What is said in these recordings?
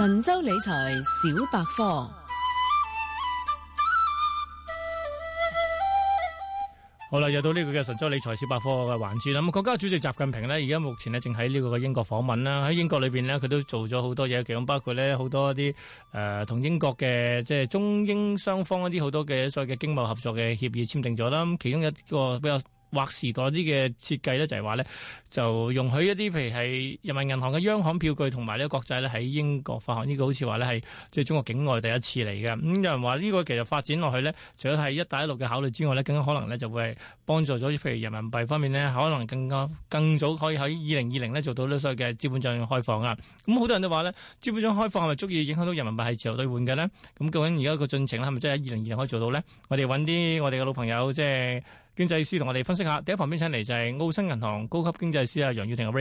神州理財小百科好啦，又到呢個嘅神州理財小百科嘅環節啦。咁、嗯、國家主席習近平呢，而家目前呢，正喺呢個嘅英國訪問啦。喺英國裏邊呢，佢都做咗好多嘢，其中包括呢好多一啲誒，同、呃、英國嘅即係中英雙方一啲好多嘅所謂嘅經貿合作嘅協議簽訂咗啦。其中一個比較。劃時代啲嘅設計咧，就係話咧，就容許一啲，譬如係人民銀行嘅央行票據同埋呢個國債咧喺英國發行，呢、這個好似話咧係即係中國境外第一次嚟嘅。咁、嗯、有人話呢個其實發展落去咧，除咗係一帶一路嘅考慮之外咧，更加可能咧就會係幫助咗譬如人民幣方面咧，可能更加更早可以喺二零二零咧做到呢所謂嘅資本帳嘅開放啦。咁、嗯、好多人都話咧，資本帳開放係咪足以影響到人民幣係自由兌換嘅咧？咁、嗯、究竟而家個進程咧係咪真係喺二零二零可以做到咧？我哋揾啲我哋嘅老朋友即係。經濟師同我哋分析下。第一旁邊請嚟就係澳新銀行高級經濟師啊楊宇霆啊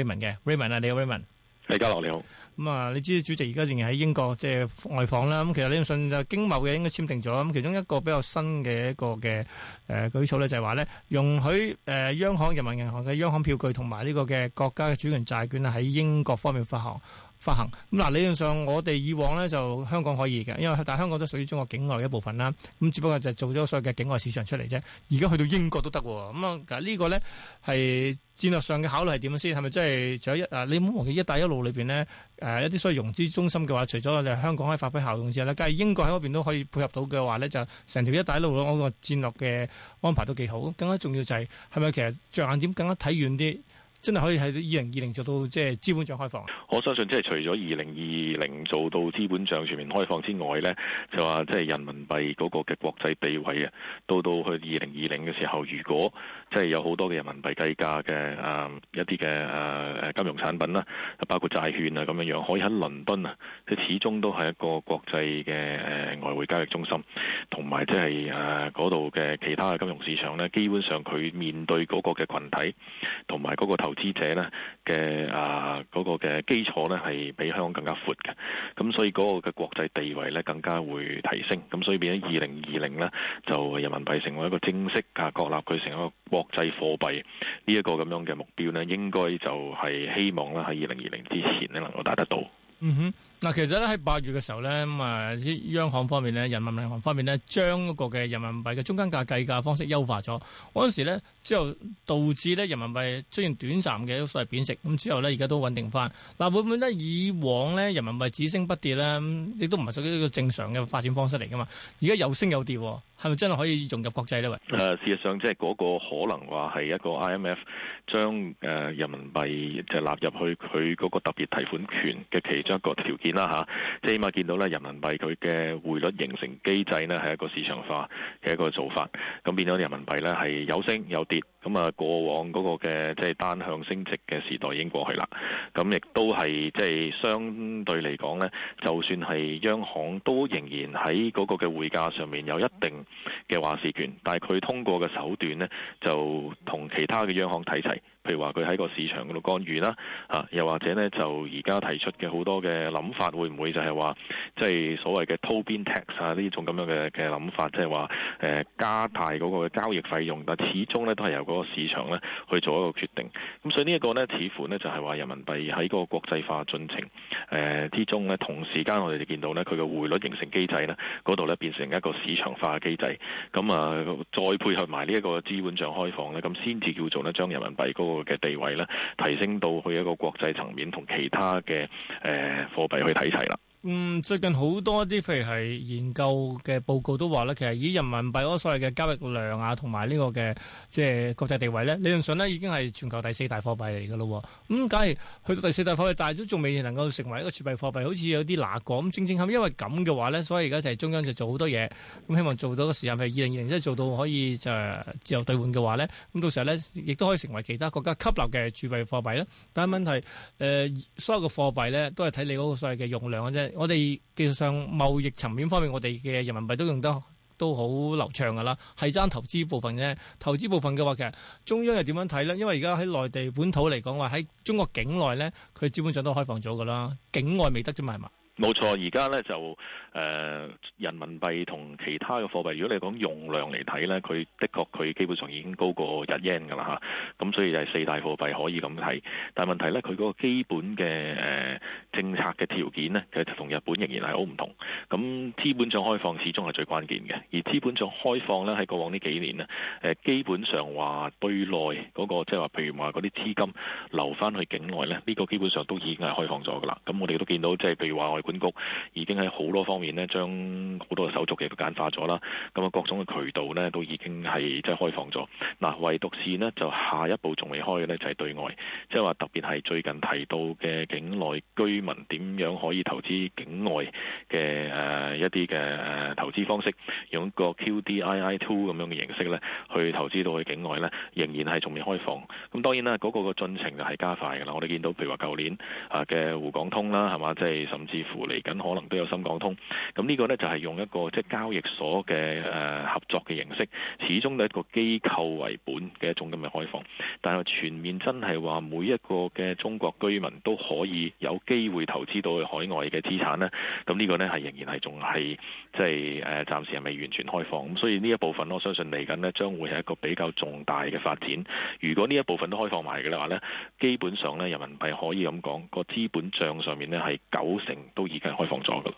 發行咁嗱、啊，理論上我哋以往咧就香港可以嘅，因為但係香港都屬於中國境外一部分啦。咁只不過就做咗所謂嘅境外市場出嚟啫。而家去到英國都得喎。咁、嗯、啊，其實呢個咧係戰略上嘅考慮係點先？係咪即係除咗一啊？你唔好忘記，一帶一路裏邊咧誒一啲所謂融資中心嘅話，除咗你香港可以發揮效用之外咧，梗係英國喺嗰邊都可以配合到嘅話咧，就成條一帶一路咯。我個戰略嘅安排都幾好。更加重要就係係咪其實着眼點更加睇遠啲？真係可以喺二零二零做到即係資本帳開放。我相信即係除咗二零二零做到資本帳全面開放之外咧，就話即係人民幣嗰個嘅國際地位啊，到到去二零二零嘅時候，如果即係有好多嘅人民幣計價嘅誒一啲嘅誒金融產品啦，包括債券啊咁樣樣，可以喺倫敦啊，即始終都係一個國際嘅誒外匯交易中心，同埋即係誒度嘅其他嘅金融市場咧，基本上佢面對嗰個嘅群體同埋嗰個投。投資者呢嘅啊嗰、嗰個嘅基礎呢係比香港更加闊嘅，咁所以嗰個嘅國際地位呢更加會提升。咁所以變咗二零二零呢，就人民幣成為一個正式啊，確立佢成為一個國際貨幣呢一、呢個咁樣嘅目標呢，應該就係希望呢喺二零二零之前呢能夠達得到。嗯哼，嗱，其實咧喺八月嘅時候咧，咁啊，啲央行方面咧，人民銀行方面咧，將嗰個嘅人民幣嘅中間價計價方式優化咗。嗰陣時咧，之後導致咧人民幣出現短暫嘅所謂貶值，咁之後咧而家都穩定翻。嗱，會唔會咧以往咧人民幣只升不跌咧，亦都唔係屬於一個正常嘅發展方式嚟噶嘛？而家有升有跌，係咪真係可以融入國際咧？喂，啊，事實上即係嗰個可能話係一個 IMF 將誒人民幣就納入去佢嗰個特別提款權嘅其一個條件啦吓，即係起碼見到咧，人民幣佢嘅匯率形成機制咧係一個市場化嘅一個做法，咁變咗人民幣咧係有升有跌。咁啊，過往嗰個嘅即係單向升值嘅時代已經過去啦。咁亦都係即係相對嚟講咧，就算係央行都仍然喺嗰個嘅匯價上面有一定嘅話事權，但係佢通過嘅手段咧，就同其他嘅央行睇齊，譬如話佢喺個市場嗰度干預啦，嚇，又或者咧就而家提出嘅好多嘅諗法，會唔會就係話即係所謂嘅 Tobin tax 啊呢種咁樣嘅嘅諗法，即係話誒加大個個交易費用。但始終咧都係有。嗰個市場咧去做一個決定，咁所以呢一個呢，似乎呢，就係、是、話人民幣喺嗰個國際化進程之、呃、中呢，同時間我哋就見到呢，佢個匯率形成機制呢，嗰度呢，變成一個市場化嘅機制，咁啊再配合埋呢一個資本帳開放呢，咁先至叫做呢，將人民幣嗰個嘅地位呢，提升到去一個國際層面同其他嘅誒、呃、貨幣去睇齊啦。嗯，最近好多啲譬如係研究嘅報告都話咧，其實以人民幣嗰個所謂嘅交易量啊，同埋呢個嘅即係國際地位咧，理論上咧已經係全球第四大貨幣嚟噶咯。咁假如去到第四大貨幣，但係都仲未能夠成為一個儲備貨幣，好似有啲拿過。咁、嗯、正正係因為咁嘅話咧，所以而家就係中央就做好多嘢，咁、嗯、希望做到個時間譬如二零二零即係做到可以就自由兌換嘅話咧，咁、嗯、到時候咧亦都可以成為其他國家吸納嘅儲備貨幣啦。但係問題誒、呃，所有嘅貨幣咧都係睇你嗰個所謂嘅用量嘅啫。我哋技術上貿易層面方面，我哋嘅人民幣都用得都好流暢噶啦，係爭投資部分啫。投資部分嘅話其實中央又點樣睇咧？因為而家喺內地本土嚟講話，喺中國境內咧，佢資本上都開放咗噶啦，境外未得啫嘛，係嘛？冇錯，而家咧就誒、呃、人民幣同其他嘅貨幣，如果你講用量嚟睇咧，佢的確佢基本上已經高過日英 e n 噶啦嚇，咁所以就係四大貨幣可以咁睇。但係問題咧，佢嗰個基本嘅誒、呃、政策嘅條件咧，其實同日本仍然係好唔同。咁資本上開放始終係最關鍵嘅，而資本上開放咧喺過往呢幾年呢，誒、呃、基本上話對內嗰、那個即係話譬如話嗰啲資金流翻去境外咧，呢、這個基本上都已經係開放咗噶啦。咁我哋都見到即係譬如話我。本局已經喺好多方面咧，將好多嘅手續亦都簡化咗啦。咁啊，各種嘅渠道咧都已經係即係開放咗。嗱，唯獨是咧就下一步仲未開嘅咧就係、是、對外，即係話特別係最近提到嘅境內居民點樣可以投資境外嘅誒、呃、一啲嘅誒投資方式，用個 QDII Two 咁樣嘅形式咧去投資到去境外咧，仍然係仲未開放。咁當然啦，嗰、那個嘅進程就係加快噶啦。我哋見到譬如話舊年啊嘅滬港通啦，係嘛，即係甚至乎。嚟緊可能都有深港通，咁呢個呢，就係、是、用一個即係、就是、交易所嘅誒、呃、合作嘅形式，始終都係一個機構為本嘅一種咁嘅開放，但係全面真係話每一個嘅中國居民都可以有機會投資到海外嘅資產呢，咁呢個呢，係仍然係仲係即係誒暫時係未完全開放，咁所以呢一部分我相信嚟緊呢，將會係一個比較重大嘅發展。如果呢一部分都開放埋嘅話呢，基本上呢，人民幣可以咁講個資本帳上面呢，係九成都。已經開放咗噶啦，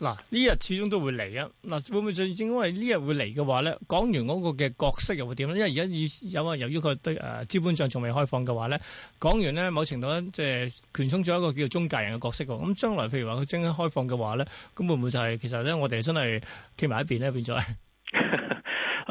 嗱呢日始終都會嚟啊！嗱會唔會就正因為呢日會嚟嘅話咧，港元嗰個嘅角色又會點咧？因為而家有啊，由於佢對誒資、呃、本帳仲未開放嘅話咧，港元咧某程度咧即係填充咗一個叫做中介人嘅角色喎。咁、嗯、將來譬如話佢真係開放嘅話咧，咁會唔會就係、是、其實咧我哋真係企埋一邊咧變咗？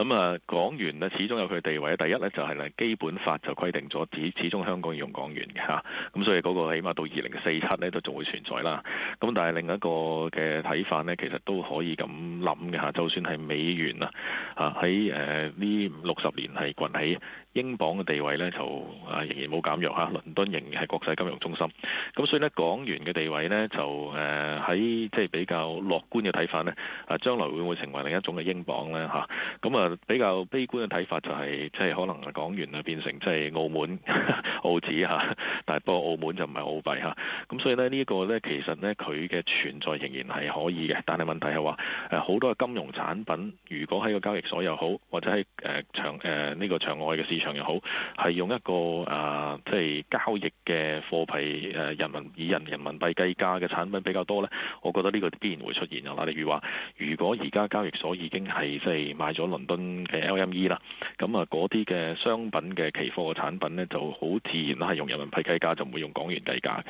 咁啊，港元咧始終有佢地位。第一咧就係咧，基本法就規定咗，始始終香港要用港元嘅嚇。咁所以嗰個起碼到二零四七咧都仲會存在啦。咁但係另一個嘅睇法呢，其實都可以咁諗嘅嚇。就算係美元啊嚇，喺誒呢五六十年係崛起英鎊嘅地位呢，就啊仍然冇減弱嚇。倫敦仍然係國際金融中心。咁所以呢，港元嘅地位呢，就誒喺即係比較樂觀嘅睇法呢，啊將來會唔會成為另一種嘅英鎊呢？嚇？咁啊～比較悲觀嘅睇法就係、是，即係可能港元啊變成即係澳門 澳紙嚇，但不過澳門就唔係澳幣嚇。咁所以呢，呢、這個呢，其實呢，佢嘅存在仍然係可以嘅，但係問題係話誒好多金融產品，如果喺個交易所又好，或者喺誒場誒呢個場外嘅市場又好，係用一個啊、呃、即係交易嘅貨幣誒、呃、人民以人人民幣計價嘅產品比較多呢。我覺得呢個必然會出現嘅啦。例如話，如果而家交易所已經係即係買咗倫敦。嘅 LME 啦，咁啊嗰啲嘅商品嘅期貨嘅產品呢，就好自然啦，係用人民幣計價，就唔會用港元計價嘅。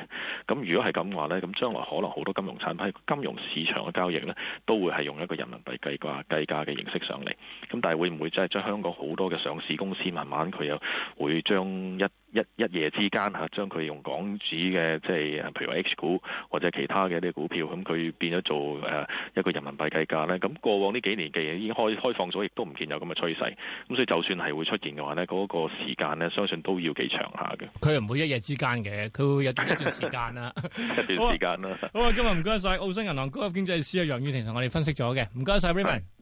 咁如果係咁話呢，咁將來可能好多金融產品、金融市場嘅交易呢，都會係用一個人民幣計價計價嘅形式上嚟。咁但係會唔會真係將香港好多嘅上市公司慢慢佢又會將一一一夜之間嚇，將佢用港紙嘅，即係譬如話 H 股或者其他嘅一啲股票，咁佢變咗做誒一個人民幣計價咧。咁過往呢幾年嘅已經開開放咗，亦都唔見有咁嘅趨勢。咁所以就算係會出現嘅話咧，嗰個時間咧，相信都要幾長下嘅。佢唔會一夜之間嘅，佢會有一段時間啦， 一段時間啦。好啊，今日唔該晒澳新銀行高級經濟師啊楊宇霆同我哋分析咗嘅，唔該晒 Raymond。